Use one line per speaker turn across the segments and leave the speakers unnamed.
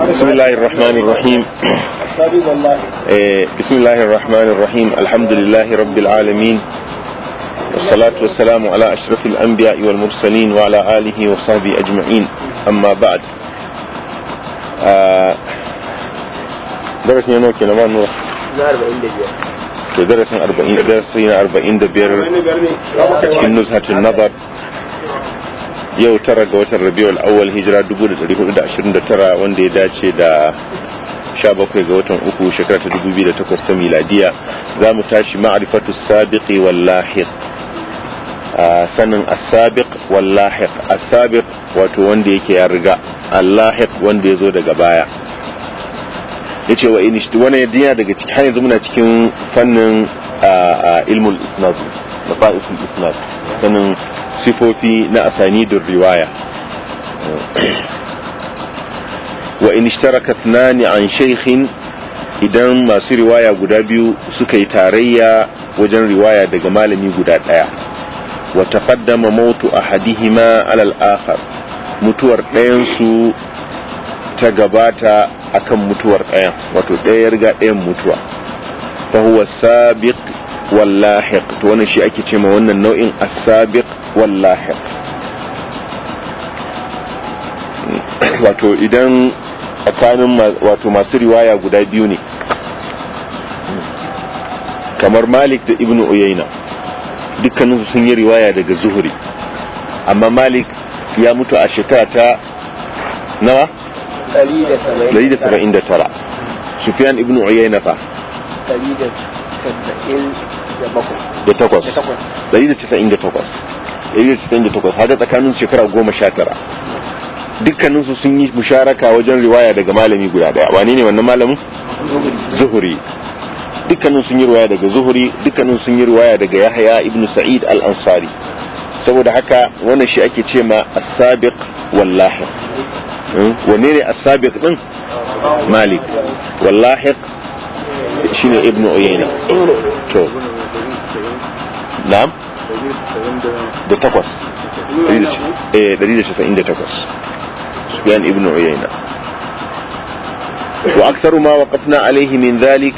بسم الله
الرحمن الرحيم إيه، بسم الله الرحمن الرحيم الحمد لله رب العالمين والصلاة والسلام على أشرف الأنبياء والمرسلين وعلى آله وصحبه أجمعين أما بعد آه، درس نينو كنا ما نور درس أربعين درسنا أربعين دبير
نعم. نزهة
النظر yau tara ga watan rabiul awwal hijira 1429 wanda ya dace da 17 ga watan uku shekara ta 2008 ta miladiya za mu tashi ma'arifatu sabiqi wal lahiq sanin as-sabiq wal lahiq as-sabiq wato wanda yake ya riga al-lahiq wanda ya zo daga baya yace wa in wani yana daga cikin har yanzu muna cikin fannin ilmul isnad mafa'isul isnad sanin sifofi na asanidin riwaya wa in ishtaraka thnani an shaykhin idan masu riwaya guda biyu suka yi tarayya wajen riwaya daga malami guda daya wa taqaddama mautu ahadihima ala akhar mutuwar ɗayan su ta gabata akan mutuwar ɗayan wato ɗaya ya riga ɗayan mutuwa fa huwa sabiq wallahiq to wannan shi ake ce ma wannan nau'in as-sabiq wallahiq hmm. wato idan tsakanin wato masu riwaya guda biyu ne kamar malik da ibnu uyayna dukkaninsu sun yi riwaya daga zuhuri amma malik ya mutu a shekara ta nawa?
179
sufiyan Ibnu uyayna fa
da
takwas dari da tisa'in da takwas dari da tisa'in da takwas hada tsakanin shekara goma sha tara dukkaninsu sun yi musharaka wajen riwaya daga malami guda daya wane ne wannan malamin zuhuri dukkanin sun yi riwaya daga zuhuri dukkanin sun yi riwaya daga yahaya ibnu sa'id al-ansari saboda haka wannan shi ake ce ma as-sabiq wallahi hmm? wanne ne as-sabiq din malik wallahi shine ibnu uyayna to na da takwas eh ibn uyayna wa ma waqafna alayhi min dhalik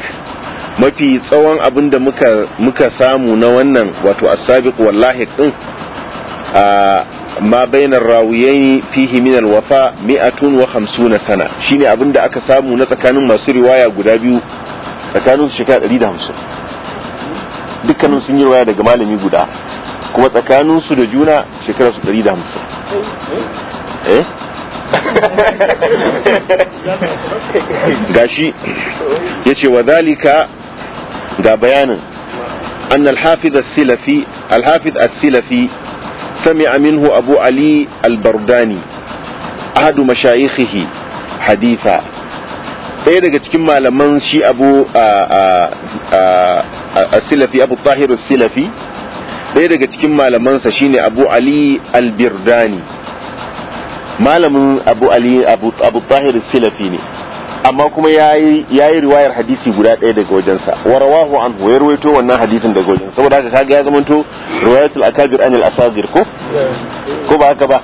mafi tsawon abin da muka muka samu na wannan wato as wallahi din ma bainar rawiyayi fihi min alwafa mi'atun wa sana shine abinda aka samu na tsakanin masu riwaya guda biyu tsakanin shekara 150 dukkanin sun yi ruwa daga malami guda kuma tsakanin su da juna shekarar su ɗari da hamsin eh gashi ya ce wa zalika ga bayanin an alhafiz al-silafi alhafiz al-silafi sami aminu abu ali al-bardani ahadu hadisa haditha ɗaya daga cikin malaman shi abu as-silafi abu tahir as-silafi ɗaya daga cikin malamansa shine abu ali al-birdani malamin abu ali abu abu tahir as-silafi ne amma kuma yayi yayi riwayar hadisi guda ɗaya daga wajensa wa rawahu an ya ruwaito wannan hadisin daga wajensa saboda haka kaga ya zamanto riwayatul akabir an al-asagir ko ko ba haka ba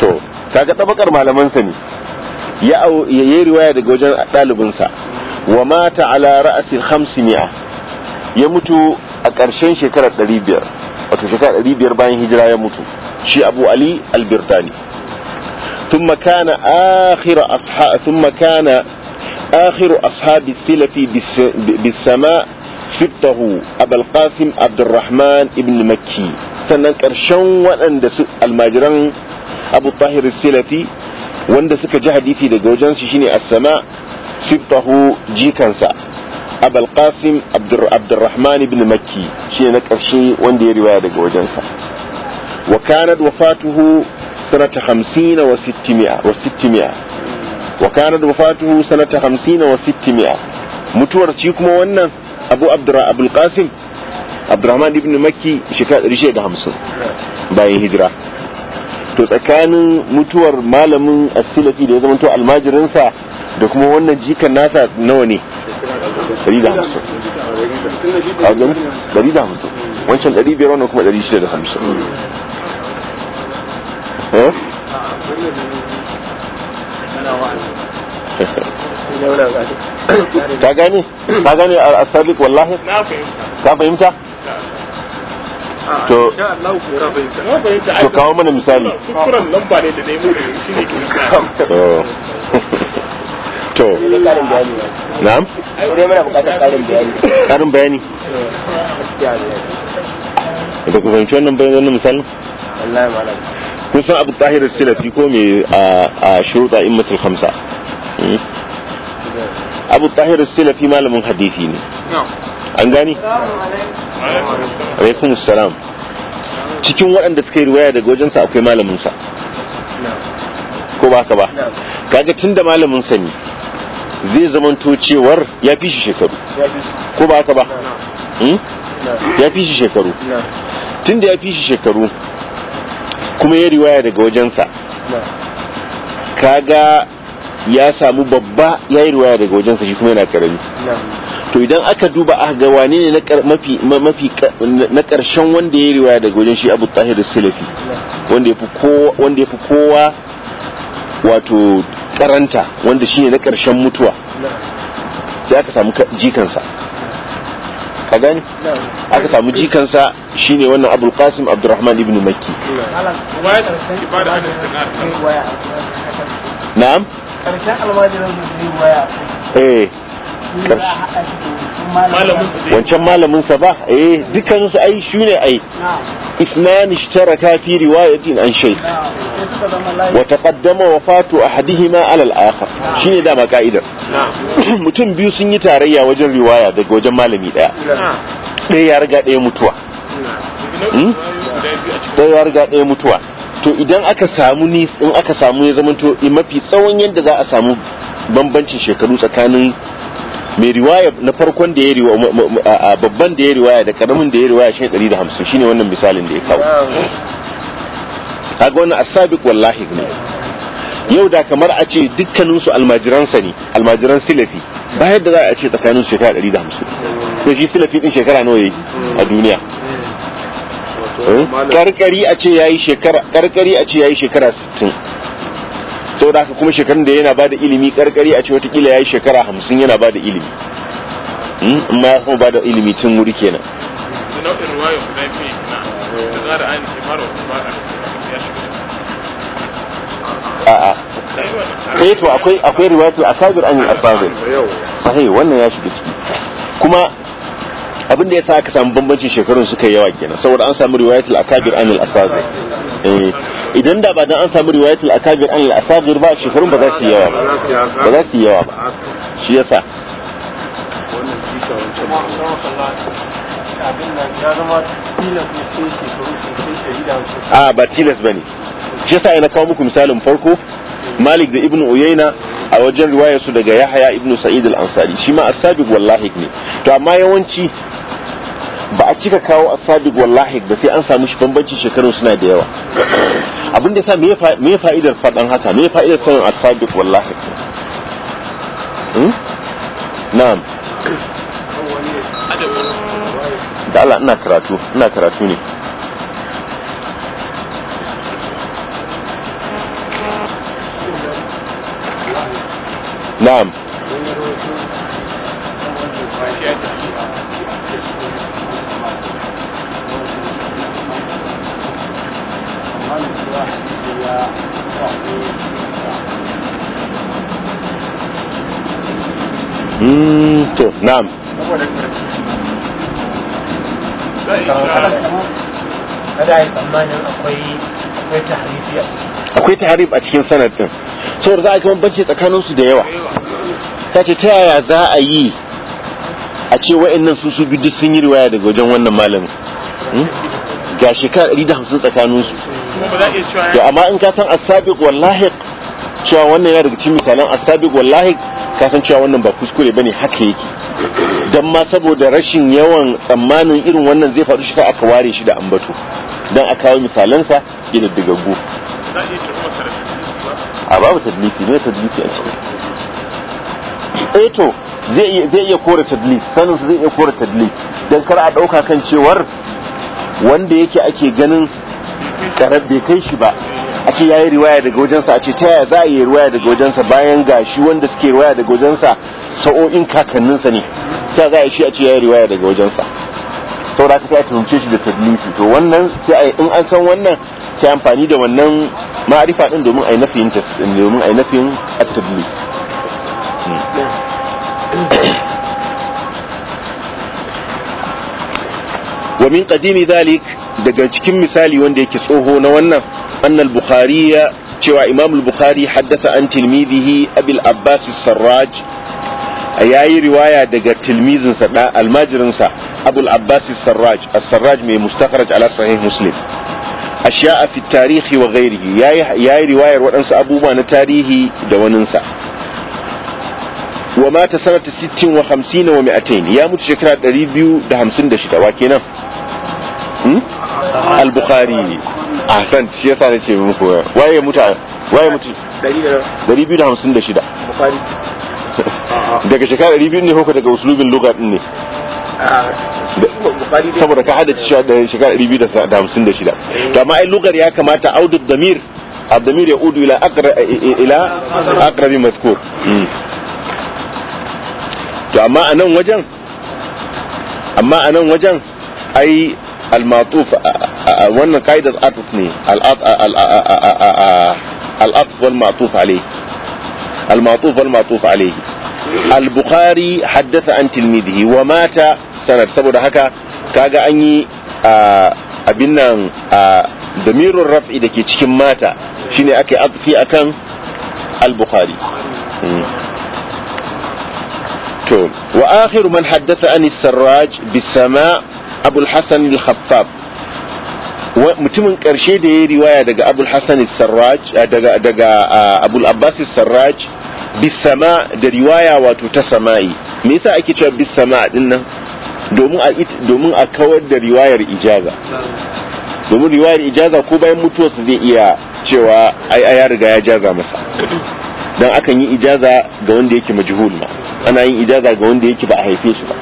to kaga tabakar malaman sa ne ya yayi riwaya daga wajen ɗalibinsa wa mata ala ra'sil 500 ya mutu a ƙarshen shekarar 500 wato shekarar 500 bayan hijira ya mutu shi abu ali albirdani ثم كان آخر أصحاب ثم كان آخر أصحاب السلف بالسماء سبته sannan ƙarshen waɗanda su almajiran abu tahir silafi wanda suka ji hadisi daga wajensu shine as-sama sibtahu jikansa abul qasim abdurrahman ibn makki shi na ƙarshe wanda ya riwaya daga wajensa wa kanat wafatuhu sanata 50 wa 600 wa 600 wa kanat wafatuhu sanata 50 wa 600 mutuwar ci kuma wannan abu abdurrahman qasim abdurrahman ibn makki shekara da hamsin bayan hijira to tsakanin mutuwar malamin asilafi da ya zama to almajirinsa da kuma wannan jikan nasa nawa ne
dari da hamsin a gani
dari da hamsin wancan dari biyar wannan kuma dari shida da hamsin ka gane ka gane a sadiq wallahi ka fahimta
to
to kawo mana misali kuskuren lamba ne da ne mu shi ne ke
to na'am karin bayani da ku fahimci wannan bayan wannan misalin kun san abu tahir silafi ko me a in immatul hamsa hmm? abu tahir silafi malamin hadithi ne an gani alaikum salam cikin waɗanda suka yi riwaya daga wajensa akwai malamin sa ko ba ka ba kaga tunda malamin sa ne zai zamanto cewar ya fi shi shekaru ko ba haka ba hmm?
ya fi shi shekaru
tun da ya fi shi shekaru kuma ya riwaya daga wajensa kaga ya samu babba ya yi riwaya daga wajensa shi kuma yana karami to idan aka duba a ga wane ne na karshen wanda ya yi riwaya daga wajen shi abu tahir silafi wanda ya fi kowa wato karanta wanda shine na karshen mutuwa sai aka samu jikansa ka gani aka samu jikansa shine wannan abul qasim abdurrahman ibn makki na'am
karshen waya
eh. wancan malamin sa ba eh dukkan su ai shi ne ai ithnan ishtaraka fi riwayatin an shay wa taqaddama wafatu ahadihima ala al-akhar shine da ma kaidar mutum biyu sun yi tarayya wajen riwaya daga wajen malami daya daya ya riga daya mutuwa hmm? ya riga mutuwa to idan aka samu ni in aka samu ya zama to mafi tsawon yadda za a samu bambancin shekaru tsakanin mai riwaya na farkon da ya riwaya babban da ya riwaya da karamin da ya riwaya shi hamsin shine wannan misalin da ya kawo kaga wannan asabiq wallahi ne yau da kamar a ce dukkanin su almajiran sa ne almajiran silafi ba yadda za a ce tsakanin ɗari da hamsin sai shi silafi din shekara nawa yake a duniya eh? karkari a ce yayi shekara karkari a ce yayi shekara sittin. saboda haka kuma shekarun da yana bada ilimi karkari a ce watakila ya yi shekara hamsin yana bada ilimi In hmm? ma ya kuma bada ilimi tun wuri kenan
a'a eh to akwai
akwai riwayatu asabir an asabir sahih wannan ya shiga ciki kuma abin da yasa aka samu bambancin shekarun suka yawa kenan saboda an samu riwayatul akabir an asabir eh idan da ba dan an samu riwayatul akabir an al-asagir ba shekarun ba za su yawa
ba ba za su yawa ba
shi yasa a ba tilas ba ne shi yasa ina kawo muku misalin farko malik da ibnu uyaina a wajen riwayarsu daga yahaya ibnu sa'id al-ansari shi ma as-sabiq wallahi ne to amma yawanci ba a cika kawo asabiq wallahi ba sai an samu shi bambancin shekaru suna da yawa abin da sa me fa'idar faɗan haka me fa'idar sanin asabiq wallahi hmm? na'am da Allah ina karatu ina karatu ne na'am Hmm, to na'am
akwai
taharif a cikin sanar din saboda za a kuma bance tsakanin su da yawa ta ce ta yaya za a yi a ce wa'annan su su biyu sun yi riwaya daga wajen wannan malamin hmm? ga shekara 150 tsakanin su
to
amma in ka san as-sabiq wal lahiq cewa wannan yana daga cikin misalan as-sabiq wal lahiq ka san cewa wannan ba kuskure bane haka yake dan ma saboda rashin yawan tsammanin irin wannan zai faru shi sai aka ware shi da ambato dan a kawo daga go a babu tadlisi ne tadlisi a cikin eh to zai iya kore tadlis sanin zai iya kore tadlis dan kar a dauka kan cewar wanda yake ake ganin karar bai kai shi ba a ce ya yi riwaya daga wajensa a ce ta yaya za a yi riwaya daga wajensa bayan ga shi wanda suke riwaya daga wajensa sa'o'in kakanninsa ne ta za a shi a ce ya yi riwaya daga wajensa saboda haka sai a tuhumce shi da tadlifi to wannan sai a in an san wannan sai amfani da wannan ma'arifa din domin a yi nafiyin domin a yi nafiyin at ومن قديم ذلك daga cikin misali wanda yake tsoho na wannan annal bukhariya cewa imam al-bukhari haddasa an tilmidihi abil abbas sarraj yayi riwaya daga tilmizinsa da almajirinsa abul abbas sarraj as-sarraj mai mustakhraj ala sahih muslim ashiya fi tarihi wa ghairihi yayi riwayar waɗansu abubuwa na tarihi da waninsa wa mata sanata 56 wa 200 ya mutu shekara 256 wa kenan hmm? al-bukhari ahsan shi yasa ce muku waye mutu waye mutu 256 bukhari daga shekara 200 ne ko daga usulubin lugha din ne ah, saboda ka hada shekara 256 eh. to amma ai lugar ya kamata audu damir الضمير ya udu ila الى اقرب مذكور to amma anan wajen amma anan wajen ai al-matuf wannan kaidar atuf ne al-atuf wal matuf alayhi al wal matuf alayhi al-bukhari haddatha an tilmidihi wa mata sanad saboda haka kaga an yi abin nan damirun raf'i da ke cikin mata shine aka yi akan to wa akhiru man haddatha bisama abul al-khaffaf mutumin karshe da ya riwaya daga abul al sarraj eh, daga daga eh, abul sarraj bisama da riwaya wato ta sama'i me yasa ake cewa bisama din nan domin a domin a kawar da riwayar ijaza domin riwayar ijaza ko bayan mutuwar su zai iya cewa ai ya riga ya jaza masa dan akan yi ijaza ga wanda yake majhul ma ana yin ijaza ga wanda yake ba a haife shi ba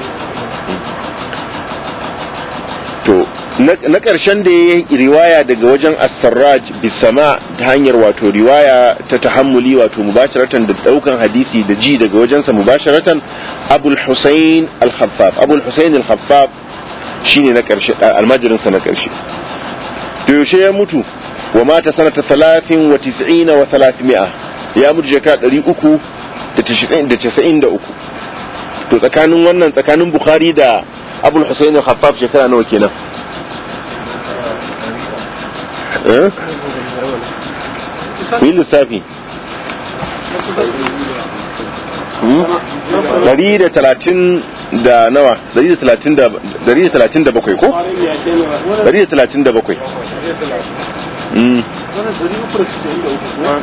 na ƙarshen da ya yi riwaya daga wajen as-sarraj bisama ta hanyar wato riwaya ta tahammuli wato mubasharatan da daukan hadisi da ji daga wajen sa mubasharatan abul husayn al-khaffaf abul husayn al-khaffaf shine na ƙarshe almajirin sa na ƙarshe to yaushe ya mutu wa mata sanata 93 wa 300 ya mutu jaka 300 da 93 to tsakanin wannan tsakanin bukhari da abul husayn al-khaffaf shekara nawa kenan Eh? yi lissafi dari hmm? da talatin da nawa dari da talatin da bakwai ko? dari da talatin da bakwai hmm.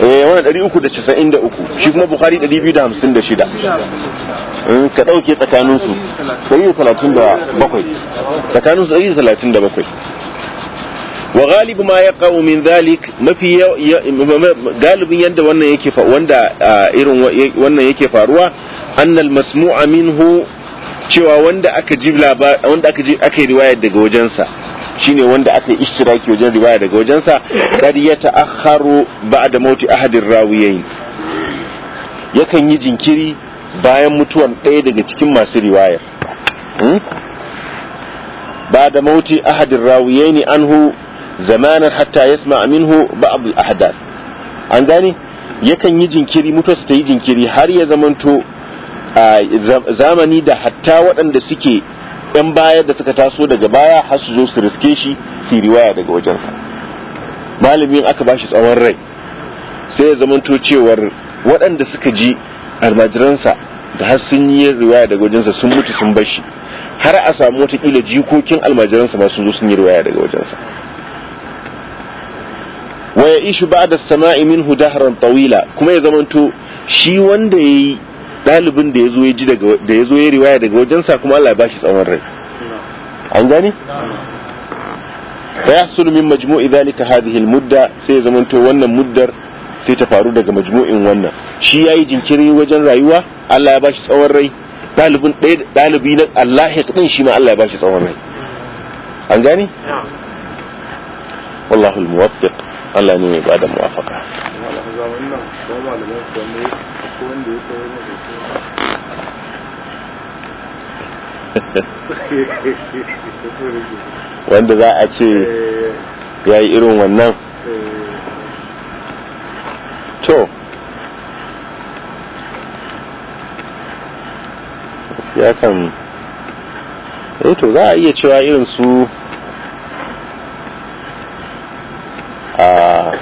eh, wani 393 shi kuma bukari 256 hmm, ka ɗauke tsakaninsu 137 tsakaninsu 137 wa galibu ma ya kawo min zalik mafi galibin yadda wannan yake wanda irin wannan yake faruwa annal masmu'a minhu cewa wanda aka ji wanda aka ji aka yi riwaya daga wajensa shine wanda aka yi ishtiraki wajen riwaya daga wajensa kad ya ta'akharu ba'da mauti ahadin rawiyayn yakan yi jinkiri bayan mutuwar ɗaya daga cikin masu riwayar hmm? ba da mauti ahadin an anhu zamanan hatta yasma minhu ba'd al-ahdath an gane yakan yi jinkiri mutuwarsa ta yi jinkiri har ya zamanto zamani da hatta waɗanda suke yan baya da suka taso daga baya har su zo su riske shi su riwaya daga wajensa malamin aka bashi shi tsawon rai sai ya zamanto cewar waɗanda suka ji almajiransa da har sun yi riwaya daga wajensa sun mutu sun bar shi har a samu watakila jikokin almajiransa ma sun zo sun yi riwaya daga wajensa wa ya ishu ba da sama'i minhu dahran tawila kuma ya zamanto shi wanda ya yi ɗalibin da ya zo ya ji da ya zo ya riwaya daga wajensa kuma Allah ya bashi tsawon rai an gane fa yahsulu min majmu'i dhalika hadhihi al sai ya zamanto wannan muddar sai ta faru daga majmu'in wannan shi yayi jinkiri wajen rayuwa Allah ya bashi tsawon rai dalibin ɗaya dalibi na Allah ya kadin shi ma Allah ya bashi tsawon rai an gane wallahu al-muwaffiq Allah ne mai ba da muwafaka wanda za a ce eh. ya yi irin wannan eh. to ya kan eh to za a iya cewa irin su yanzu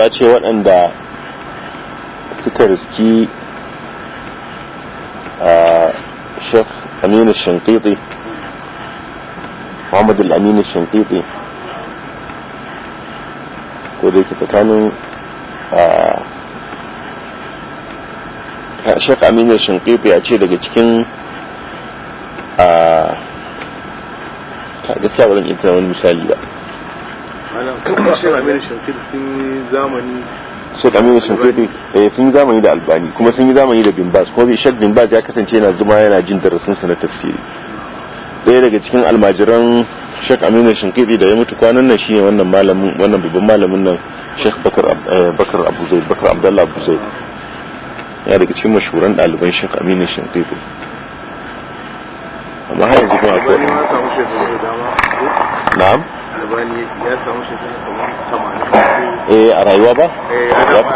a ce waɗanda suka riski shek aminu shinkiti muhammadu aminu shinkiti ko da yake tsakanin shek aminu shinkiti a ce daga cikin a gaskiya ba zan iya wani misali ba
shekara amina zamani
Sheikh Aminu Shinkiti eh sun zamani da Albani kuma sun yi zamani da Bimbas kuma Sheikh Bin ya kasance yana zuma yana jin darasin sa na tafsiri ɗaya daga cikin almajiran Sheikh Aminu Shinkiti da ya mutu kwanan nan shine wannan malamin wannan babban malamin nan Sheikh Bakar eh, Bakar Abu Zaid Bakar Abdullah Abu Zaid ya daga cikin mashuran ɗaliban Sheikh Aminu Shinkiti amma har yanzu kuma akwai
na'am إيه، أيوة إيه، أيوة أيوة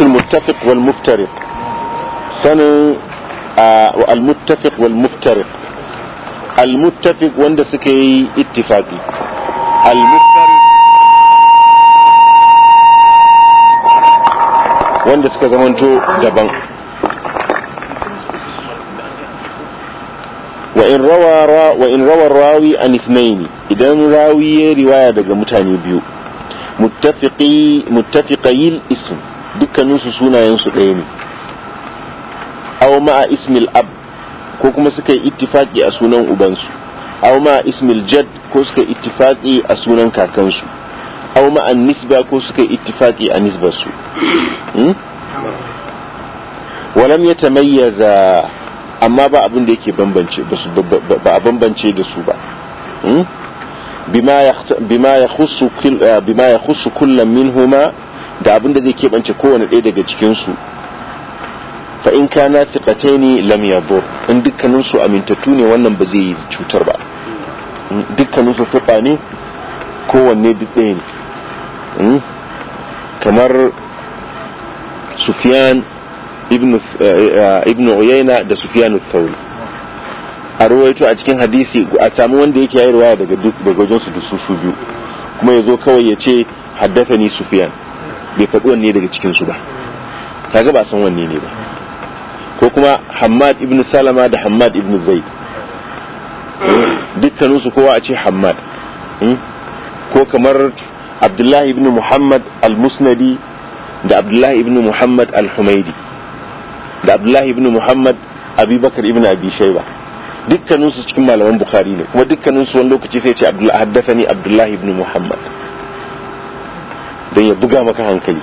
المتفق والمفترق سن آه، المتفق والمفترق المتفق وندسكي اتفاقي المفترق wanda suka zamanto daban wa in rawa rawi an ithnaini idan rawi ya riwaya daga mutane biyu muttafiqi muttafiqayil ism dukkanin su sunayen su ɗaya ne aw ma ismil ab ko kuma suka yi ittifaqi a sunan ubansu aw ma ismil jad ko suka yi ittifaqi a sunan kakansu aw ma'an nisba ko suka yi ittifaki a nisbar su hmm? walam ya tamayyaza amma ba abin da yake bambance ba a bambance da su ba hmm? bima ya khusu kullum huma da abin da zai keɓance kowane ɗaya daga cikinsu fa in kana tiƙatai ne lam in dukkaninsu amintattu ne wannan ba zai yi cutar ba hmm? dukkaninsu fiƙa ne kowanne duk ɗaya ne Hmm? kamar Sufiyan ibn eh, eh, uyaina da sufyan thauri a ruwaito a cikin hadisi a samu wanda yake yi ruwaya daga wajen su dusu su biyu kuma ya zo kawai ya ce haddasa ni Sufiyan bai faɗi wanne daga cikinsu ba kaga ba san wanne ne ba ko kuma hamad ibn salama da hamad ibn zaid dukkaninsu kowa a ce hamad hmm? ko kamar abdullahi ibn muhammad al-musnadi da abdullahi ibn muhammad al-humaidi da abdullahi ibn muhammad abubakar ibn abi shaiba su cikin malaman bukhari ne kuma su wani lokaci sai ce haddathani abdullah ibn muhammad dan ya buga maka hankali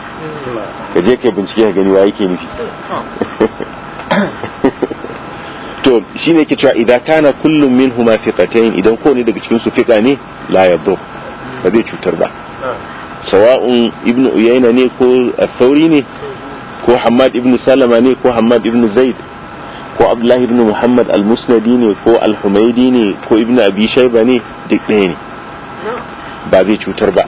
ka je kai bincike ka gani waye ke nufi to shine ke cewa idan kana kullum min huma fiqatain idan ko ne daga cikin su fiqa ne la yadur ba zai cutar ba sawa'un ibnu uyaina ne ko athauri ne ko hamad ibnu salama ne ko hamad ibnu zaid ko abdullahi ibnu muhammad al-musnadi ne ko al-humaidi ne ko ibnu abi shayba ne duk ɗaya ne ba zai cutar ba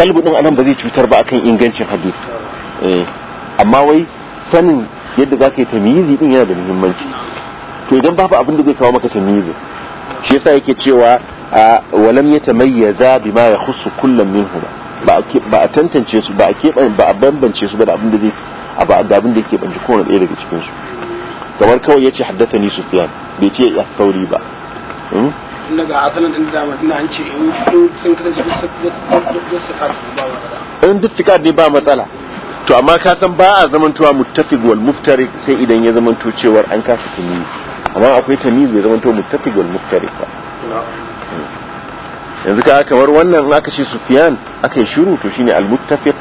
kalbu din anan ba zai cutar ba akan ingancin hadith eh, amma wai sanin yadda za ka yi tamizi din yana da muhimmanci to idan babu abin da zai kawo maka tamyizi shi yasa yake cewa walam yatamayyaza bima khusu kullam minhum ba ba a tantance su ba a keɓe ba a bambance su ba da abin da zai a da abin da yake banji kowane ɗaya daga cikin su kamar kawai yace haddathani sufyan bai ce ya sauri ba hmm?
daga da madina an ce in sun kasance
ba ne ba matsala to amma ka san ba a zamantowa muttafiq wal muftari sai idan ya zamanto cewar an kasa tuni amma akwai tamiz bai zama to muttafiq wal muftarif yanzu ka kamar wannan in aka ce sufyan aka yi shiru to shine al muttafiq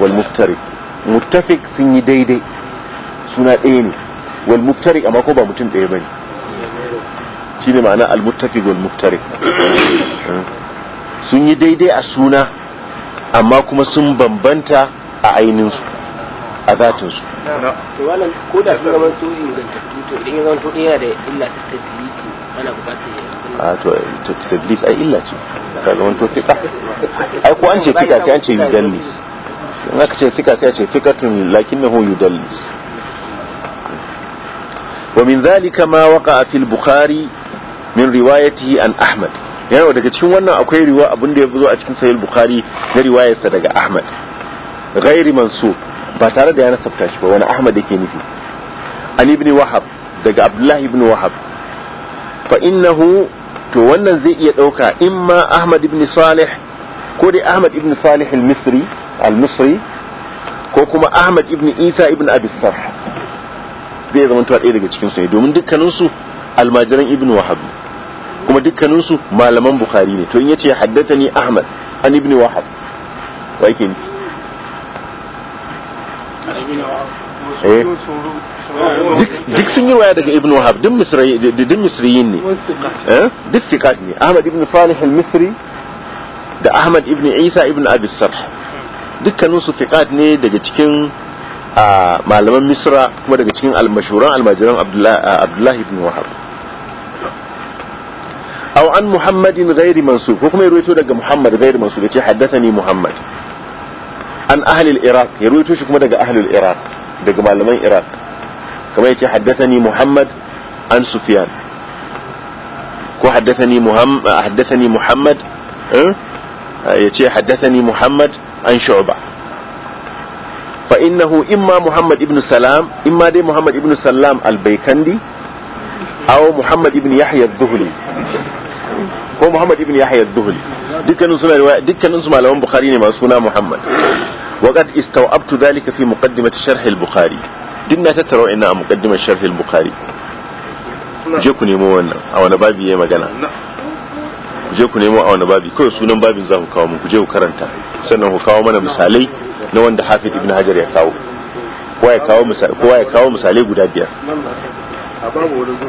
wal muftarif muttafiq sun yi daidai suna ɗaya ne wal muftarif amma ko ba mutum ɗaya bane shine ma'ana al muttafiq wal muftarif sun yi daidai a suna amma kuma sun bambanta a ainihin a zatin
su wannan ko da sun zama to ingantattu to idan ya zama to yana da illa ta tadlis ana bukatar ya
a to tadlis ai illa ce ka zama to fika ai ko an ce fika sai an ce yudallis in aka ce fika sai a ce fikatun lakinnahu yudallis ومن ذلك ما وقع في البخاري من روايته عن أحمد yana daga cikin wannan akwai riwa abin da ya zo a cikin sahih bukhari na riwayarsa daga ahmad ghairi mansub ba tare da yana sabta shi ba wani ahmad yake nufi an ibn wahab daga Abdullah ibn wahab fa innahu to wannan zai iya dauka imma ahmad ibn salih ko dai ahmad ibn salih al-misri al-misri ko kuma ahmad ibn isa ibn abi sarh zai zama tuwa ɗaya daga cikin su ne domin dukkanin su almajiran ibn wahab kuma dukkanin su malaman bukhari ne to in yace haddathani ahmad an ibn wahab wa yake nufi
Eh? duk sun yi waya
daga ibn wahab duk misriyin ne eh? duk fiqat ne ahmad ibn salih al-misri da ahmad ibn isa ibn abi sarh dukkanin su fiqat ne daga cikin malaman misra kuma daga cikin almashuran almajiran abdullahi ibn wahab aw an muhammadin ghairi mansub ko kuma ya ruwaito daga muhammad ghairi mansub haddasa ni muhammad an ahlil iraq ya ruwaito shi kuma daga ahlil iraq daga malaman iraq kamar yace haddathani muhammad an sufyan ko haddathani muhammad haddathani muhammad eh? yace haddathani muhammad an shu'ba fa innahu imma muhammad ibn salam imma dai muhammad ibn salam al-baykandi aw muhammad ibn yahya adh-dhuhli ko muhammad ibn yahya adh-dhuhli dukkanin suna dukkanin su malaman bukhari ne masu suna muhammad وقد استوعبت ذلك في مقدمة شرح البخاري دنا تترى إن مقدمة شرح البخاري je ku nemo wannan a wani babi ya magana je ku nemo a wani babi kawai sunan babin za ku kawo muku je ku karanta sannan ku kawo mana misalai na wanda hafi ibn hajar ya kawo kowa ya kawo misalai kowa kawo misalai guda biyar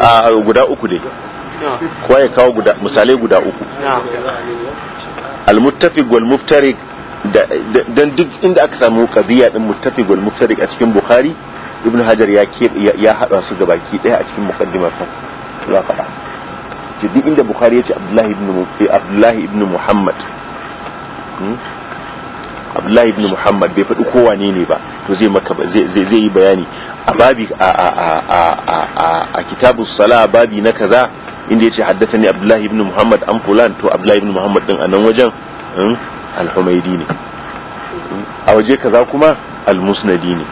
a guda uku dai kowa ya kawo guda misalai guda uku al-muttafiq wal muftariq dan duk inda aka samu qadiya din muttafiq wal muftariq a cikin bukhari ibnu hajar ya ke ya hada su gabaki daya a cikin muqaddimar fa la faɗa ji duk inda bukhari ya ce abdullahi ibn eh, abdullahi ibn muhammad hmm? abdullahi ibn muhammad bai faɗi kowa ne ne ba to zai maka zai zai yi bayani a babi a a a a a kitabus sala babi na kaza inda ya ce haddathani abdullahi ibn muhammad an fulan to abdullahi ibn muhammad din a nan wajen hmm? al-humaidi ne a waje kaza kuma al-musnadi ne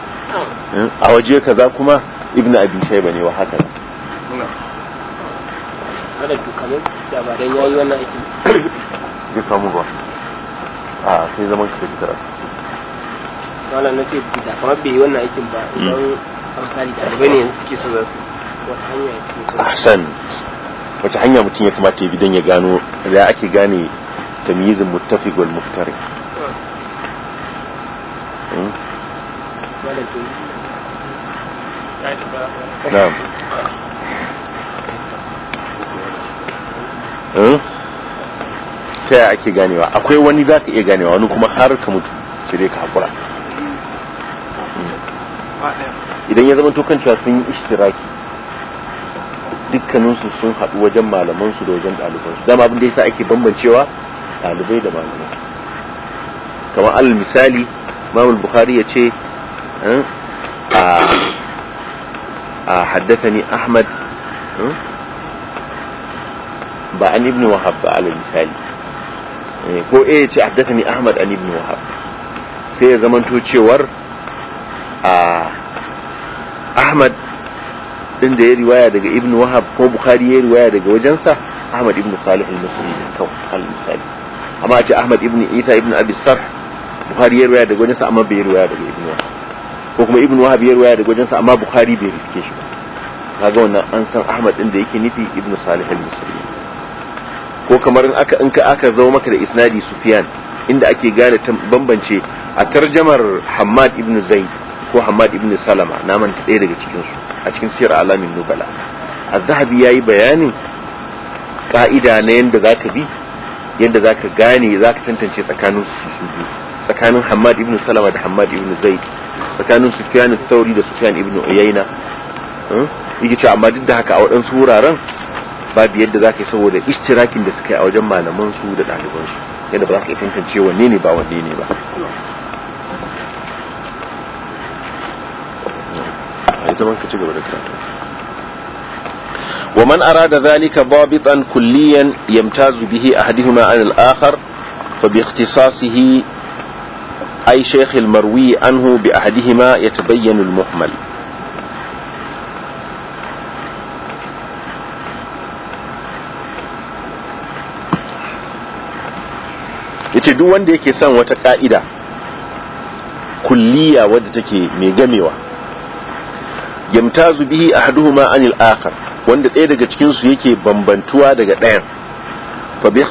a waje kaza kuma ibn abi shayba ne wa haka
wannan dukkanin labarai yayi wannan aiki
zai samu ba a sai zaman shi da
Wala na ce da kamar bai yi wannan aikin ba mm. idan amsali da abu ne suke so za su wata hanya ya ahsan
wace hanya mutum ya kamata ya bi don ya gano da ake gane tamyizin muttafiq wal نعم ta ake ganewa akwai wani za ka iya ganewa wani kuma har ka mutu cire ka haƙura idan ya zama tokan cewa sun yi ishtiraki dukkaninsu sun haɗu wajen malamansu da wajen ɗalibansu dama abin da yasa ake bambancewa ɗalibai da malamai kamar al misali mamul bukhari ya ce hmm, a haddathani ahmad hmm, ba an ibn wahab ba al misali eh, ko eh ya ce haddathani ahmad an ibn wahab sai ya zamanto cewar a ahmad din da ya riwaya daga ibn wahab ko bukhari ya riwaya daga wajensa ahmad ibn salih al-musri kawai al-misali amma ce ahmad ibn isa ibn abi sarh bukhari ya ruwaya daga wajensa amma bai ruwaya daga ibn wahab ko kuma ibn wahab ya ruwaya daga wajensa amma bukhari bai riske shi ba kaga wannan an san ahmad din da yake nufi ibn salih al-musri ko kamar in aka in ka aka zo maka da isnadi sufyan inda ake gane bambance a tarjamar hamad ibn zaid ko hamad ibn salama na manta daya daga cikin su a cikin sirr alamin nubala az-zahabi yayi bayanin ka'ida na yanda zaka bi yadda za ka gane za ka tantance tsakanin su biyu tsakanin hamad ibn salama da hamad ibn zaid tsakanin sufyan thauri da sufyan ibn uyayna hmm? yake cewa amma duk da haka a waɗansu wuraren babu yadda za ka yi saboda ishtirakin da suka yi a wajen malaman su da ɗaliban su yadda ba za ka yi tantance wanne ne ba wanne ne ba a ita ka ci gaba da karatu ومن أراد ذلك ضابطا كليا يمتاز به أحدهما عن الآخر فباختصاصه أي شيخ المروي عنه بأحدهما يتبين المهمل yace duk wanda yake son wata ka'ida kulliya wadda take mai gamewa yamtazu bihi ahaduhuma anil akhar wanda ɗaya daga cikinsu yake bambantuwa daga ɗayan fa bi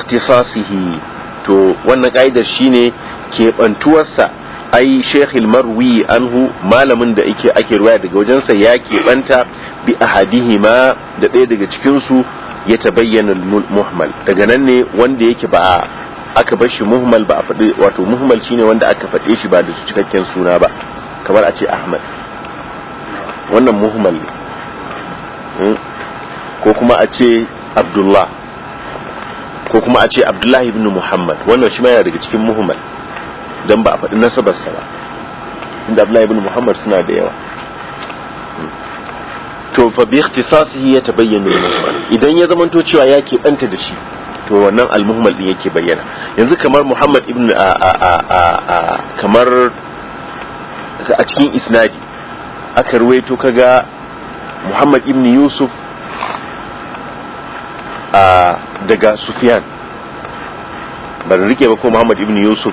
to wannan ka'idar shine keɓantuwarsa ai shekhil marwi anhu malamin da ake ake ruwaya daga wajensa ya keɓanta bi ahadihima da ɗaya daga cikinsu ya tabayyana muhmal daga nan ne wanda yake ba aka bar shi muhmal ba a faɗi wato muhmal shine wanda aka faɗe shi ba da su cikakken suna ba kamar a ce ahmad wannan muhmal hmm? ko kuma a ce abdullah ko kuma a ce abdullahi ibn muhammad wannan shi ma yana daga cikin muhammad don ba a faɗi nasabarsa ba inda abdullahi ibn muhammad suna da yawa to fa bi ikhtisasihi ya tabayyana al idan ya zamanto cewa ya ke keɓanta da shi to wannan al-muhammad din yake bayyana yanzu kamar muhammad ibn a a a kamar a cikin isnadi aka ruwaito kaga muhammad ibn yusuf daga Sufiyan ban rike ba ko muhammad ibn yusuf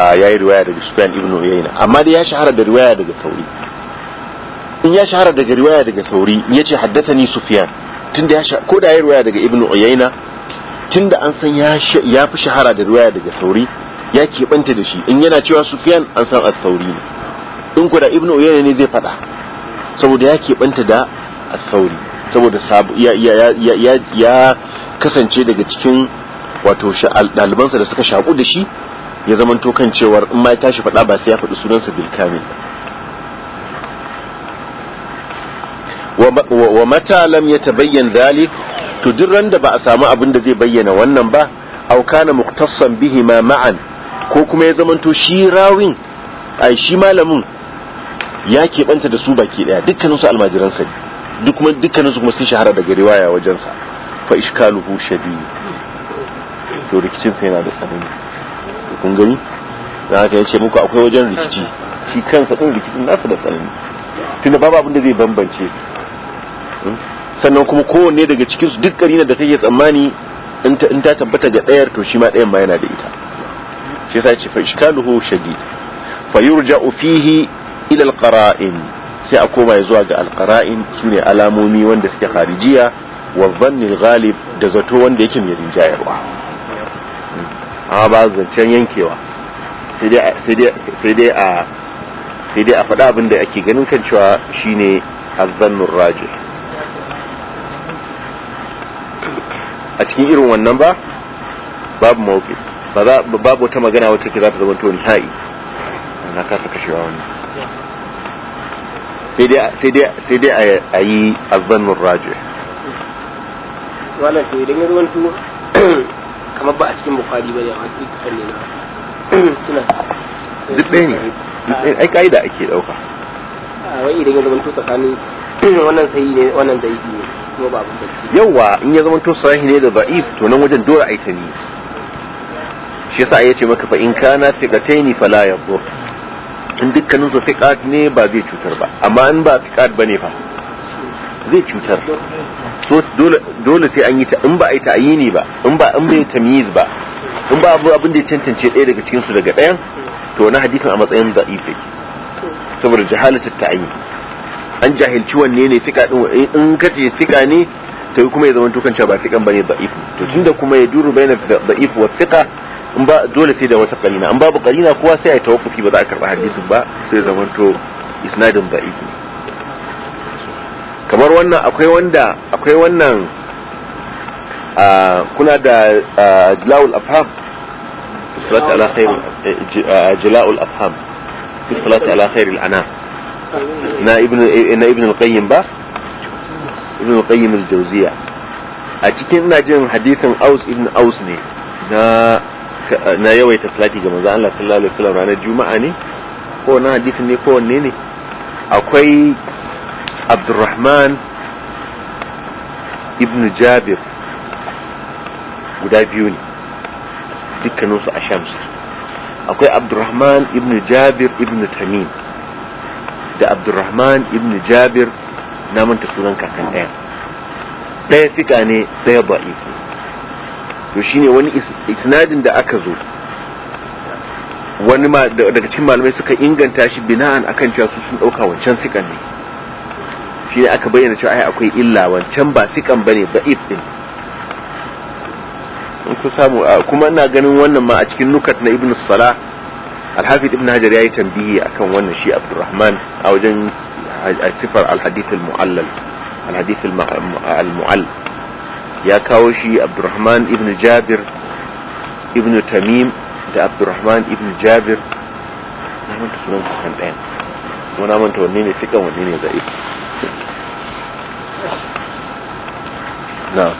ya yi riwaya daga Sufiyan ibn uyayna amma dai ya shahara da riwaya daga tauri in ya shahara daga riwaya daga tauri ya ce haddasa ni tun tunda ya ko da ya riwaya daga ibn uyayna tunda an san ya fi shahara da riwaya daga tauri ya keɓanta da shi in yana cewa Sufiyan an san at-tauri ne in kuda ibn uyayna ne zai faɗa saboda ya keɓanta da at-tauri saboda ya kasance daga cikin wato ɗalibansa da suka shaƙu da shi ya zama kan cewa in ma ya tashi faɗa ba sai ya faɗi sunansa kamil wa mata lam ya tabayyan dalik to duk randa ba a samu abin da zai bayyana wannan ba aw kana muktassan bihi ma ma'an ko kuma ya zamanto shi rawin ai shi malamin ya keɓanta da su baki ɗaya dukkanin su almajiran ne duk kuma dukkanin su kuma sun shahara daga riwaya wajensa fa ishkaluhu shadid to rikicin sa yana da tsanani kun gani da haka yace muku akwai wajen rikici shi kansa din rikicin nasa da tsanani tunda babu abin da zai bambance hmm? sannan kuma kowanne daga cikin su duk karina da take tsammani in ta tabbata ga ɗayar to shi ma ɗayan ma yana da ita shi yasa yace fa ishkaluhu shadid fa yurja'u fihi ila al-qara'in sai a koma ya zuwa ga alqara'in sune alamomi wanda suke kharijiya wa dhanni ghalib da zato wanda yake mai rinjayarwa amma ba zancen yankewa sai dai a sai dai a faɗa abin da ake ganin kan cewa shine azzannur raji a cikin irin wannan ba babu mawqif ba babu wata magana wata ke za ta zama to nihai na kasa kashewa wannan sai dai a yi azzannun raji
wannan to idan ruwan tu kamar ba a cikin bukari ba ne a cikin kalle na suna
duk ɗaya ne ai ka'ida ake ɗauka
a wai idan ya zamanto tsakanin wannan sayi ne wannan da daidi ne kuma ba abin bacci
yawa in ya zamanto sahihi ne da da'if to nan wajen dole a yi tani shi yasa ya ce maka fa in kana thiqataini fala yadur in dukkanin su fiqat ne ba zai cutar ba amma in ba fiqat bane fa zai cutar so dole sai an yi ta in ba ai ne ba in ba in bai tamyiz ba in ba abu abin da ya cancance ɗaya daga cikin su daga ɗayan to wani hadisin a matsayin ife saboda jahalatu ta'yin an jahilci wanne ne fika din in kace fika ne to kuma ya zama tukanci ba fikan bane ife to tunda kuma ya duru da ife wa fika in ba dole sai da wata karina in babu karina kowa sai a yi tawakkufi ba za a karba hadisin ba sai zaman to isnadin ba iku kamar wannan akwai wanda akwai wannan kuna da jila'ul afham jila'ul afham fi salatu ala khair ana na ibn na ibn al-qayyim ba ibn al-qayyim al-jawziya a cikin ina jin hadisin aus ibn aus ne na na yawaita salati ga manzo Allah sallallahu alaihi wasallam ranar juma'a ne ko na hadisi ne ko wanne ne akwai Abdurrahman ibn Jabir guda biyu ne dukkaninsu a Shams akwai Abdurrahman ibn Jabir ibn Tamim da Abdurrahman ibn Jabir na manta sunan kakan ɗaya ɗaya fika ne ɗaya ba'ifu to shine wani isnadin da aka zo wani daga cikin malamai suka inganta shi bina'an akan cewa su sun dauka wancan sikan ne shine aka bayyana cewa ai akwai illa wancan ba sikan bane ba ibn in ku samu kuma ina ganin wannan ma a cikin nukat na ibn salah al-hafid ibn hajar yayi tambihi akan wannan shi abdurrahman a wajen sifar al-hadith al-mu'allal al-hadith al-mu'allal ya kawo shi abdurrahman ibn jabir ibn tamim da abdurrahman ibn jabir na manta sunan kusan ɗayan suna manta wanne ne fikan wanne ne za'if na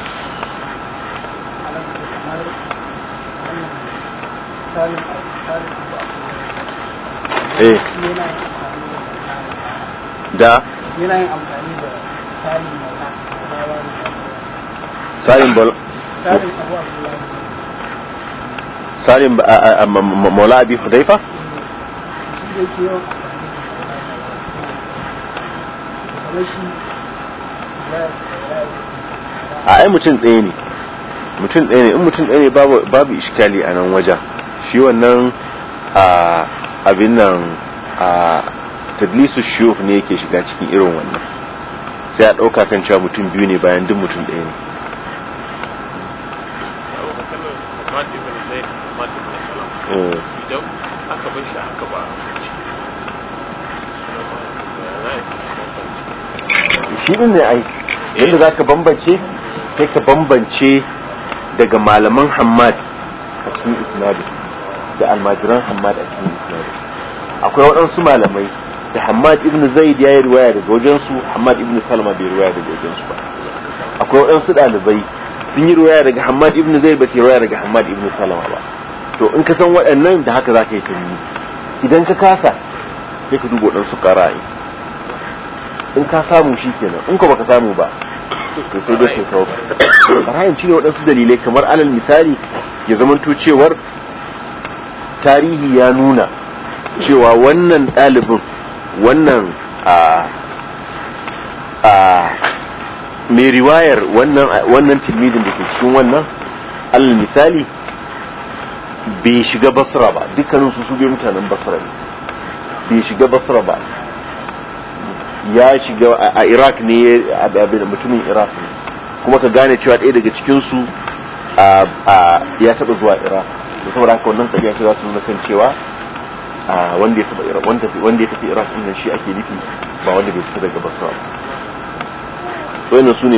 eh da
yana yin amfani da
salim bol salim uh, uh, uh, maula abi a ai mutum ɗaya ne mutum ɗaya ne in mutum ne babu iskali a nan wajen shi wannan abin nan a tadlisu shiyuf ne yake shiga cikin irin wannan sai a ɗauka kan cewa mutum biyu ne bayan duk mutum ɗaya ne
idan aka bai shi aka ba
shi din ne ai yadda eh. za ka bambance sai ka bambance daga malaman hamad a cikin isnadin da almajiran hamad a cikin isnadin akwai waɗansu malamai da hamad ibn zaid ya yi riwaya daga wajensu hamad ibn salma bai riwaya daga wajensu ba akwai waɗansu ɗalibai sun yi riwaya daga hamad ibn zaid ba su yi riwaya daga hamad ibn salma ba to in ka san waɗannan da haka za ka yi tunani idan ka kasa sai ka duba waɗansu ƙara'i in ka samu shi kenan in ka baka samu ba to sai dai ka kawo ƙara'in cire waɗansu dalilai kamar alal misali ya zamanto cewar tarihi ya nuna cewa wannan ɗalibin wannan a a mai riwayar wannan tilmidin da ke cikin wannan alal misali bai shiga basra ba dukkanin su su mutanen basra ne bai shiga basra ba ya shiga a iraq ne mutumin iraq ne kuma ka gane cewa ɗaya daga cikinsu ya taɓa zuwa iraq da saboda haka wannan tafiya ce za su nuna kan cewa wanda ya taɓa wanda ya tafi iraq ɗin shi ake nufi ba wanda bai fita daga basra ba wannan shi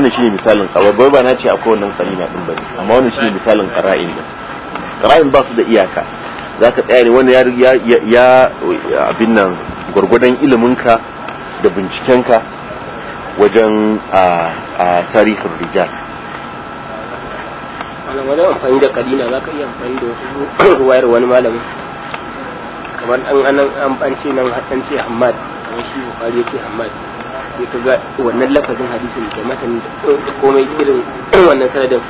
ne shine misalin ƙawar bai ba na ce akwai wannan kalima din bane amma wannan shine misalin ƙara'in din ƙara'in ba su da iyaka za ka tsaya ne wanda ya abin nan gwargwadon iliminka da bincikenka wajen a tarihin rijal
malamai amfani da kadina za ka iya amfani da wasu wayar wani malami kamar an anan ce nan an ce hamad kamar shi bukari ya ce hamad ya ka ga wannan lafazin hadisun da matan da komai irin wannan sanadin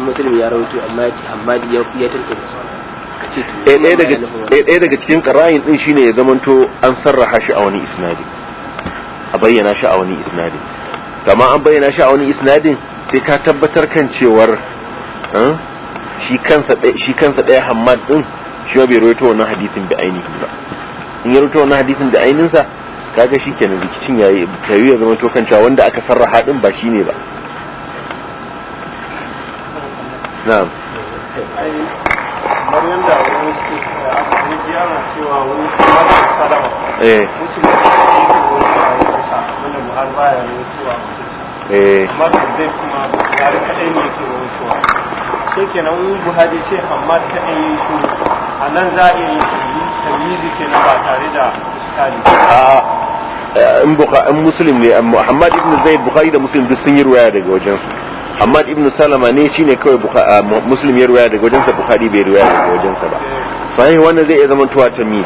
musulmi ya rawaito amma ya ce ya ya tantance su
ɗaya daga cikin ƙarayin ɗin shine ya zamanto an sarraha shi a wani isnadin a bayyana shi a wani isnadin kama an bayyana shi a wani isnadin sai ka tabbatar kan cewar eh, shi kansa ɗaya hamad ɗin shi bai rawaito wannan hadisin da ainihin ba in ya rawaito wannan hadisin da ainihinsa kaga shi kenan rikicin yayi tayi ya zama to kan cewa wanda aka sarraha ɗin ba shine ba na'am
kamar yadda wani suke wani jiyana cewa wani kuma da eh ne wani a buhari a eh zai kuma ne kenan wani buhari ce amma ta yi shi a nan za a iya yin tamizi kenan ba tare da iskali
eh, in muslim ne amma Muhammad ibn Zaid buhari da Muslim duk sun yi ruwaya daga wajen su amma ibn salama ne shine kawai muslim ya ruwaya daga wajensa bukhari bai ruwaya daga sa ba sahih wannan zai iya zama tuwa ta mi